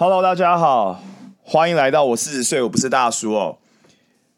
Hello，大家好，歡迎來到我四十歲我不是大叔哦。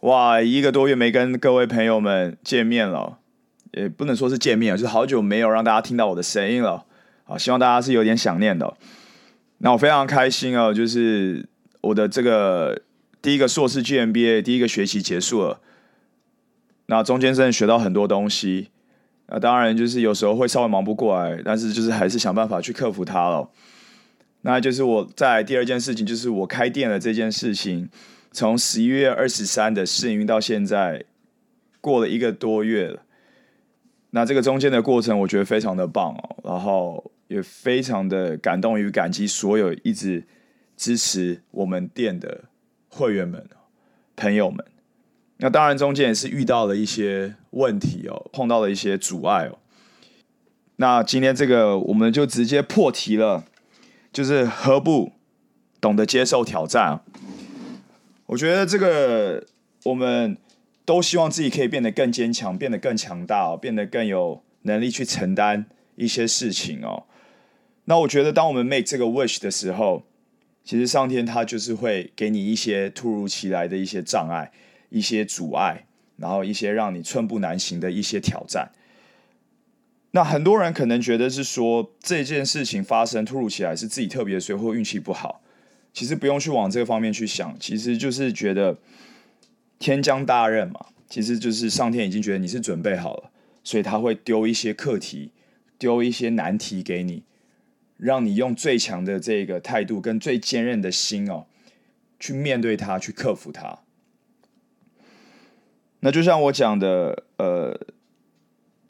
哇，一個多月沒跟各位朋友們見面了，也不能說是見面了，就是好久沒有讓大家聽到我的聲音了。好，希望大家是有點想念的。那我非常開心哦，就是我的這個第一個碩士 GMBA 第一個學期結束了。那中間真的學到很多東西，啊，當然就是有時候會稍微忙不過來，但是就是還是想辦法去克服它了。那就是我在第二件事情，就是我開店的這件事情，從十一月二十三的試運營到現在，過了一個多月了。那這個中間的過程，我覺得非常的棒哦，然後也非常的感動與感激所有一直支持我們店的會員們、朋友們。那當然中間也是遇到了一些問題哦，碰到了一些阻礙哦。那今天這個我們就直接破題了。就是何不懂得接受挑戰？我覺得這個我們都希望自己可以變得更堅強，變得更強大，變得更有能力去承擔一些事情哦。那我覺得，當我們 make 這個 wish 的時候，其實上天他就是會給你一些突如其來的一些障礙、一些阻礙，然後一些讓你寸步難行的一些挑戰。那很多人可能覺得是說，這件事情發生突如其來是自己特別衰，或運氣不好，其實不用去往這個方面去想，其實就是覺得天將大任嘛，其實就是上天已經覺得你是準備好了，所以他會丟一些課題，丟一些難題給你，讓你用最強的這個態度跟最堅韌的心哦，去面對它，去克服它。那就像我講的，呃。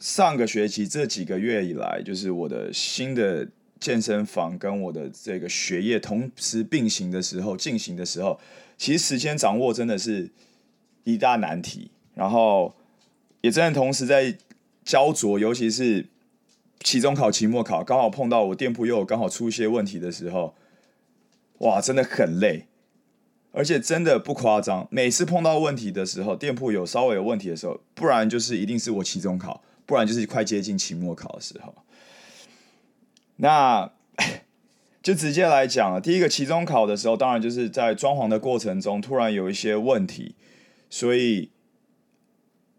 上個學期這幾個月以來，就是我的新的健身房跟我的這個學業同時並行的時候進行的時候，其實時間掌握真的是一大難題。然後也真的同時在焦灼，尤其是期中考、期末考，剛好碰到我店鋪又剛好出一些問題的時候，哇，真的很累，而且真的不誇張。每次碰到問題的時候，店鋪有稍微有問題的時候，不然就是一定是我期中考。不然就是快接近期末考的時候，那 就直接來講了。第一個期中考的時候，當然就是在裝潢的過程中，突然有一些問題，所以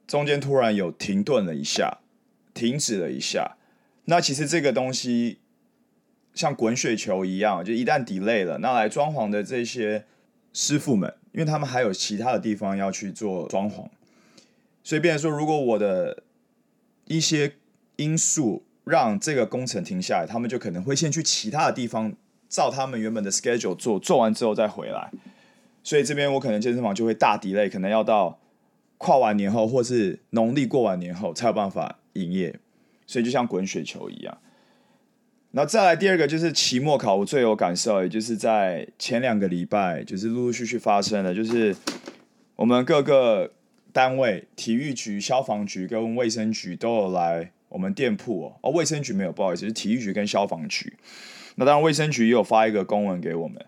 中間突然有停頓了一下，停止了一下。那其實這個東西像滾雪球一樣，就一旦 delay 了，那來裝潢的這些師傅們，因為他們還有其他的地方要去做裝潢，所以變說如果我的。一些因素讓這個工程停下來，他們就可能會先去其他的地方照他們原本的 schedule 做，做完之後再回來。所以這邊我可能健身房就會大 delay，可能要到跨完年後或是農曆過完年後才有辦法營業，所以就像滾雪球一樣。那再來第二個就是期末考，我最有感受，也就是在前兩個禮拜就是陸陸續續發生的，就是我們各個。單位、體育局、消防局跟衛生局都有來我們店鋪哦。哦，衛生局沒有，不好意思，是體育局跟消防局。那當然，衛生局也有發一個公文給我們。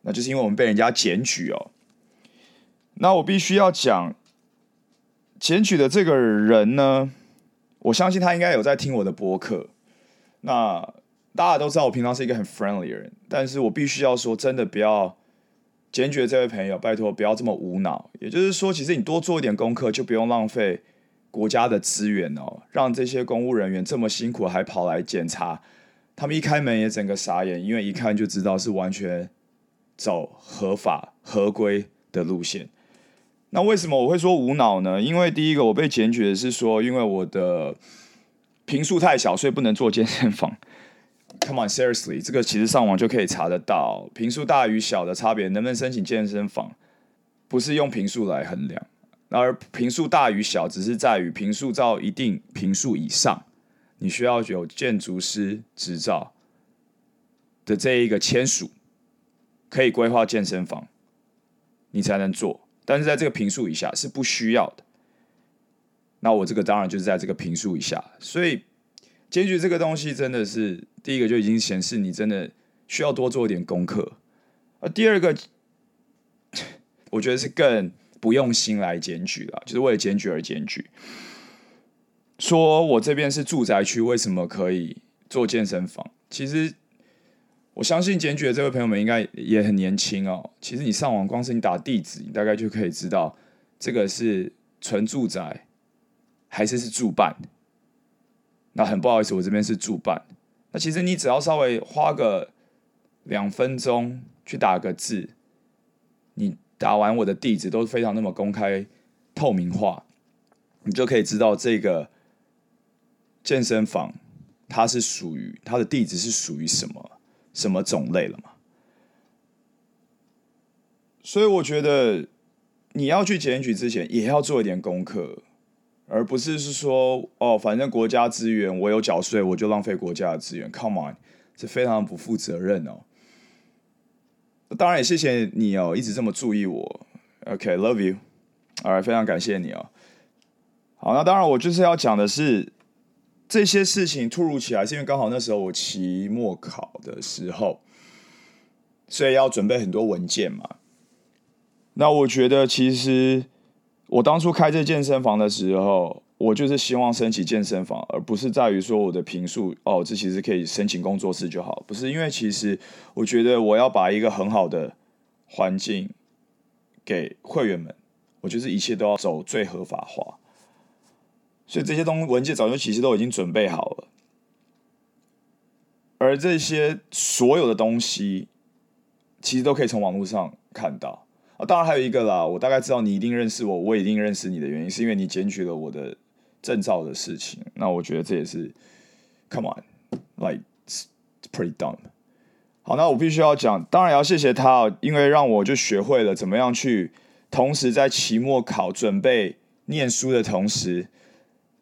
那就是因為我們被人家檢舉哦。那我必須要講，檢舉的這個人呢，我相信他應該有在聽我的播客。那大家都知道，我平常是一個很 friendly 的人，但是我必須要說，真的不要。檢舉這位朋友，拜托不要這麼無腦。也就是說，其實你多做一點功課，就不用浪費國家的資源哦、喔，讓這些公務人員這麼辛苦還跑來檢查。他們一開門也整個傻眼，因為一看就知道是完全走合法合規的路線。那為什麼我會說無腦呢？因為第一個我被檢舉的是說，因為我的坪數太小，所以不能做健身房。Come on, seriously，這個其實上網就可以查得到，坪數大與小的差別，能不能申請健身房，不是用坪數來衡量，而坪數大與小只是在於坪數到一定坪數以上，你需要有建築師執照的這一個簽署，可以規劃健身房，你才能做，但是在這個坪數以下是不需要的。那我這個當然就是在這個坪數以下，所以。檢舉這個東西真的是，第一個就已經顯示你真的需要多做一點功課，而第二個，我覺得是更不用心來檢舉了，就是為了檢舉而檢舉。說我這邊是住宅區，為什麼可以做健身房？其實我相信檢舉的這位朋友們應該也很年輕哦。其實你上網，光是你打地址，你大概就可以知道這個是純住宅還是是住辦。那很不好意思，我這邊是主辦。那其實你只要稍微花個兩分鐘去打個字，你打完我的地址都是非常那麼公開透明化，你就可以知道這個健身房它是屬於它的地址是屬於什麼什麼種類了嘛。所以我覺得你要去檢舉之前，也要做一點功課。而不是是說哦，反正國家資源我有繳稅，我就浪費國家的資源。Come on，這非常不負責任哦。當然也謝謝你哦，一直這麼注意我。OK，love you。alright，非常感謝你哦。好，那當然我就是要講的是這些事情突如其來，是因為剛好那時候我期末考的時候，所以要準備很多文件嘛。那我覺得其實。我當初開這健身房的時候，我就是希望申請健身房，而不是在於說我的坪數哦，這其實可以申請工作室就好。不是因為其實我覺得我要把一個很好的環境給會員們，我就是一切都要走最合法化。所以這些東西文件早就其實都已經準備好了，而這些所有的東西其實都可以從網絡上看到。啊、哦，當然還有一個啦，我大概知道你一定認識我，我一定認識你的原因，是因為你檢舉了我的證照的事情。那我覺得這也是，come on，like pretty dumb。好，那我必須要講，當然要謝謝他、哦，因為讓我就學會了怎麼樣去同時在期末考準備念書的同時，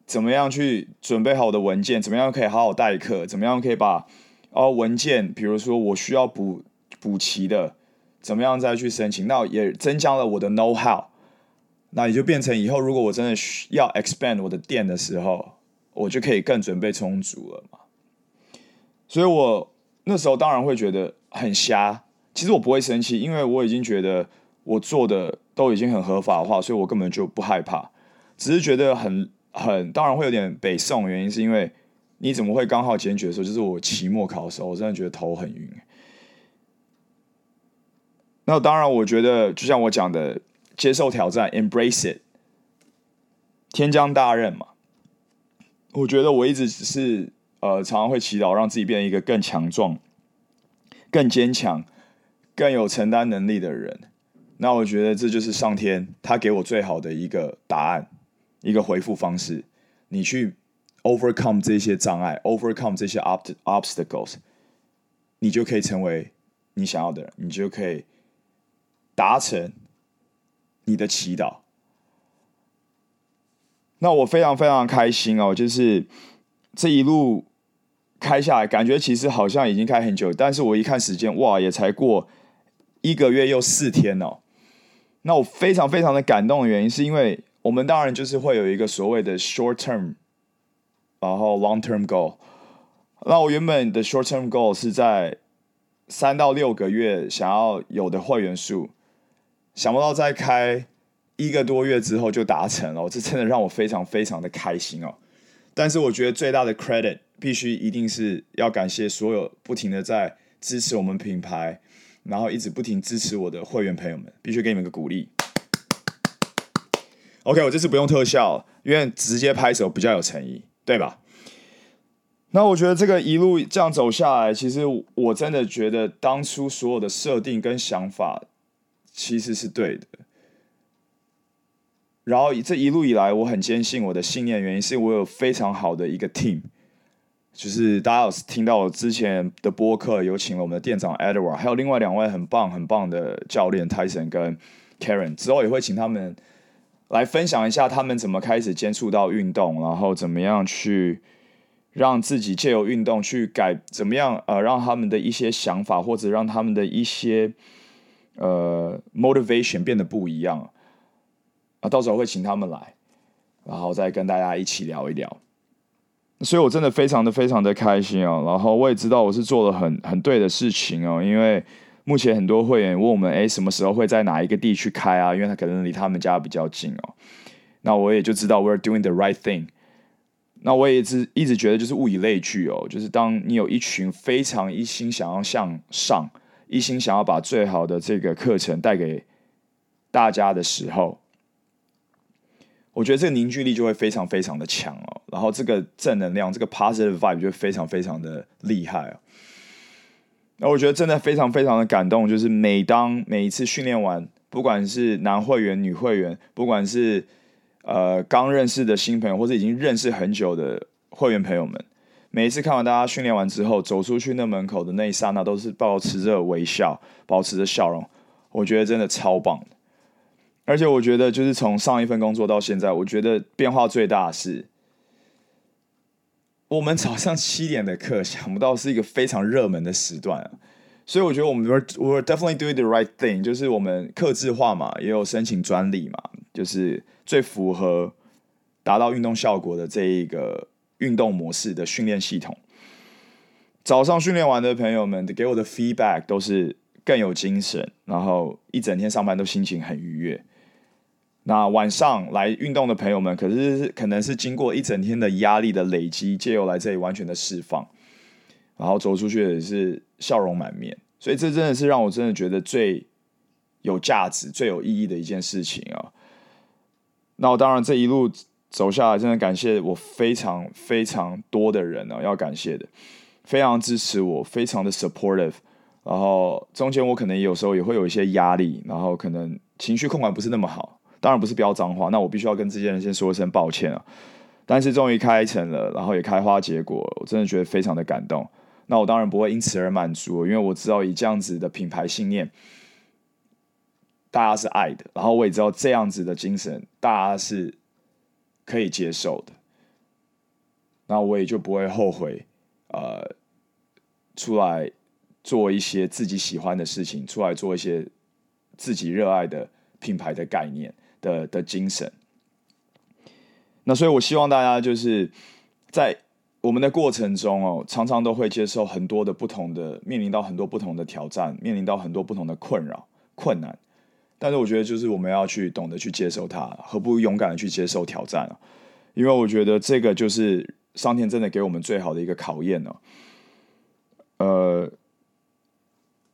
怎麼樣去準備好我的文件，怎麼樣可以好好代課，怎麼樣可以把哦文件，比如說我需要補補齊的。怎麼樣再去申請？那也增加了我的 know how，那也就變成以後如果我真的需要 expand 我的店的時候，我就可以更準備充足了嘛。所以我那時候當然會覺得很瞎，其實我不會生氣，因為我已經覺得我做的都已經很合法化，所以我根本就不害怕，只是覺得很很，當然會有點北宋。原因是因為你怎麼會剛好檢舉的時候，就是我期末考的時候，我真的覺得頭很暈。那當然，我覺得就像我講的，接受挑戰，embrace it，天將大任嘛。我覺得我一直是呃，常常會祈禱，讓自己變一個更強壯、更堅強、更有承擔能力的人。那我覺得這就是上天他給我最好的一個答案，一個回復方式。你去 overcome 這些障礙，overcome 這些 obst obstacles，你就可以成為你想要的人，你就可以。達成你的祈禱，那我非常非常開心哦！就是這一路開下來，感覺其實好像已經開很久，但是我一看時間，哇，也才過一個月又四天哦。那我非常非常的感動的原因，是因為我們當然就是會有一個所謂的 short term，然後 long term goal。那我原本的 short term goal 是在三到六個月想要有的會員數。想不到在開一個多月之後就達成了，這真的讓我非常非常的開心哦！但是我覺得最大的 credit 必須一定是要感謝所有不停的在支持我們品牌，然後一直不停支持我的會員朋友們，必須給你們個鼓勵。 OK，我這次不用特效，因為直接拍手比較有誠意，對吧？那我覺得這個一路這樣走下來，其實我真的覺得當初所有的設定跟想法，其實是對的，然後這一路以來，我很堅信我的信念，原因是我有非常好的一個 team，就是大家聽到我之前的播客，有請了我們的店長 Edward，還有另外兩位很棒很棒的教練 Tyson 跟 Karen，之後也會請他們來分享一下他們怎麼開始接觸到運動，然後怎麼樣去讓自己借由運動去改，怎麼樣呃讓他們的一些想法或者讓他們的一些。呃，motivation 變得不一樣啊，到時候我會請他們來，然後再跟大家一起聊一聊。所以我真的非常的非常的開心哦。然後我也知道我是做了很很對的事情哦，因為目前很多會員問我們，哎，欸，什麼時候會在哪一個地區開啊？因為他可能離他們家比較近哦。那我也就知道 we're doing the right thing。那我也一直一直覺得就是物以類聚哦，就是當你有一群非常一心想要向上。一心想要把最好的這個課程帶給大家的時候，我覺得這個凝聚力就會非常非常的強哦。然後這個正能量，這個 positive vibe 就非常非常的厲害哦。那我覺得真的非常非常的感動，就是每當每一次訓練完，不管是男會員、女會員，不管是呃剛認識的新朋友，或者已經認識很久的會員朋友們。每一次看完大家訓練完之後，走出去那門口的那一剎那，都是保持着微笑，保持着笑容。我覺得真的超棒的，而且我覺得就是從上一份工作到現在，我覺得變化最大的是，我們早上七點的課，想不到是一個非常熱門的時段啊，所以我覺得我們 we're definitely doing the right thing，就是我們客製化嘛，也有申請專利嘛，就是最符合達到運動效果的這一個。運動模式的訓練系統，早上訓練完的朋友們給我的 feedback 都是更有精神，然後一整天上班都心情很愉悅。那晚上來運動的朋友們，可是可能是經過一整天的壓力的累積，借由來這裡完全的釋放，然後走出去也是笑容滿面。所以這真的是讓我真的覺得最有價值、最有意義的一件事情啊。那我當然這一路。走下來，真的感謝我非常非常多的人呢、啊，要感謝的，非常支持我，非常的 supportive。然後中間我可能有時候也會有一些壓力，然後可能情緒控管不是那麼好，當然不是飆髒話，那我必須要跟這些人先說一聲抱歉啊。但是終於開成了，然後也開花結果，我真的覺得非常的感動。那我當然不會因此而滿足，因為我知道以這樣子的品牌信念，大家是愛的，然後我也知道這樣子的精神，大家是。可以接受的，那我也就不會後悔。呃，出來做一些自己喜歡的事情，出來做一些自己熱愛的品牌的概念的的精神。那所以，我希望大家就是在我們的過程中哦，常常都會接受很多的不同的，面臨到很多不同的挑戰，面臨到很多不同的困擾、困難。但是我覺得，就是我們要去懂得去接受它，何不勇敢的去接受挑戰呢？因為我覺得這個就是上天真的給我們最好的一個考驗呢。呃，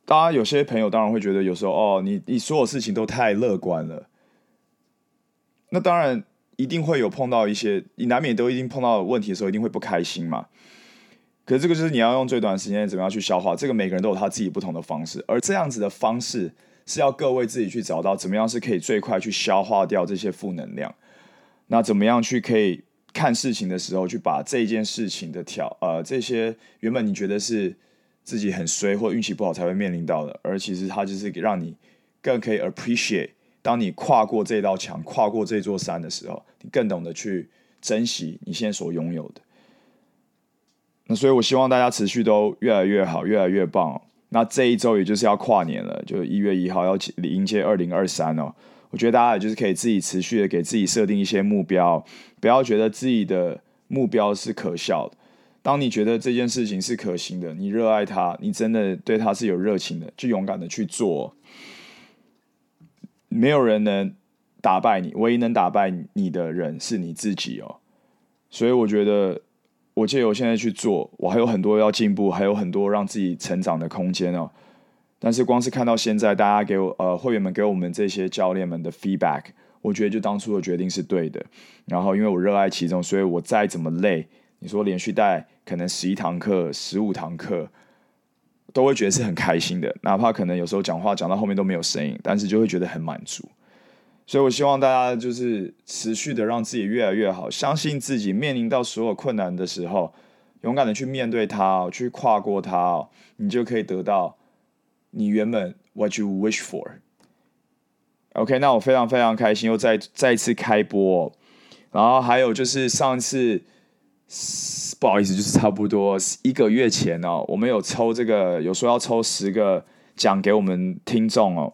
大家有些朋友當然會覺得，有時候哦，你你所有事情都太樂觀了。那當然一定會有碰到一些，你難免都一定碰到問題的時候，一定會不開心嘛。可是這個就是你要用最短時間怎麼樣去消化這個，每個人都有他自己不同的方式，而這樣子的方式。是要各位自己去找到怎麼樣是可以最快去消化掉這些負能量，那怎麼樣去可以看事情的時候，去把這一件事情的挑，呃，這些原本你覺得是自己很衰或運氣不好才會面臨到的，而其實它就是給讓你更可以 appreciate 當你跨過這道牆，跨過這座山的時候，你更懂得去珍惜你現在所擁有的。那所以，我希望大家持續都越來越好，越來越棒哦。那這一週也就是要跨年了，就一月一號要迎接二零二三哦。我覺得大家也就是可以自己持續的給自己設定一些目標，不要覺得自己的目標是可笑的。當你覺得這件事情是可行的，你熱愛它，你真的對它是有熱情的，就勇敢的去做。沒有人能打敗你，唯一能打敗你的人是你自己哦。所以我覺得。我借由現在去做，我還有很多要進步，還有很多讓自己成長的空間哦、喔。但是光是看到現在大家給我呃會員們給我們這些教練們的 feedback，我覺得就當初的決定是對的。然後因為我熱愛其中，所以我再怎麼累，你說連續帶可能十一堂課、十五堂課，都會覺得是很開心的。哪怕可能有時候講話講到後面都沒有聲音，但是就會覺得很滿足。所以，我希望大家就是持續的讓自己越來越好，相信自己。面臨到所有困難的時候，勇敢的去面對它，去跨過它，哦，你就可以得到你原本 what you wish for。OK，那我非常非常開心，又再再一次開播哦。然後還有就是上一次不好意思，就是差不多一個月前呢哦，我們有抽這個，有說要抽十個獎給我們聽眾哦。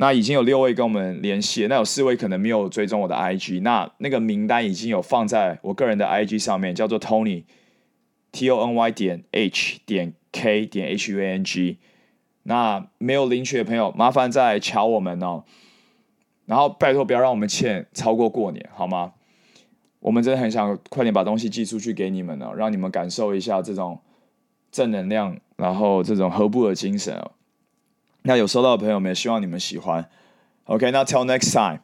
那已經有六位跟我們聯繫，那有四位可能沒有追蹤我的 IG，那那個名單已經有放在我個人的 IG 上面，叫做 Tony T O N Y 點 H 點 K 點 H U N G。那沒有領取的朋友，麻煩再來敲我們哦。然後拜託不要讓我們欠超過過年，好嗎？我們真的很想快點把東西寄出去給你們哦，讓你們感受一下這種正能量，然後這種何不的精神哦。那有收到的朋友們，希望你們喜歡。OK，那 Till next time，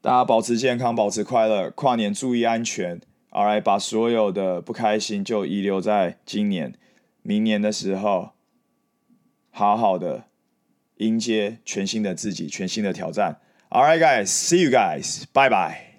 大家保持健康，保持快樂，跨年注意安全。All right，把所有的不開心就遺留在今年，明年的時候好好的迎接全新的自己，全新的挑戰。All right guys，see you guys，bye bye。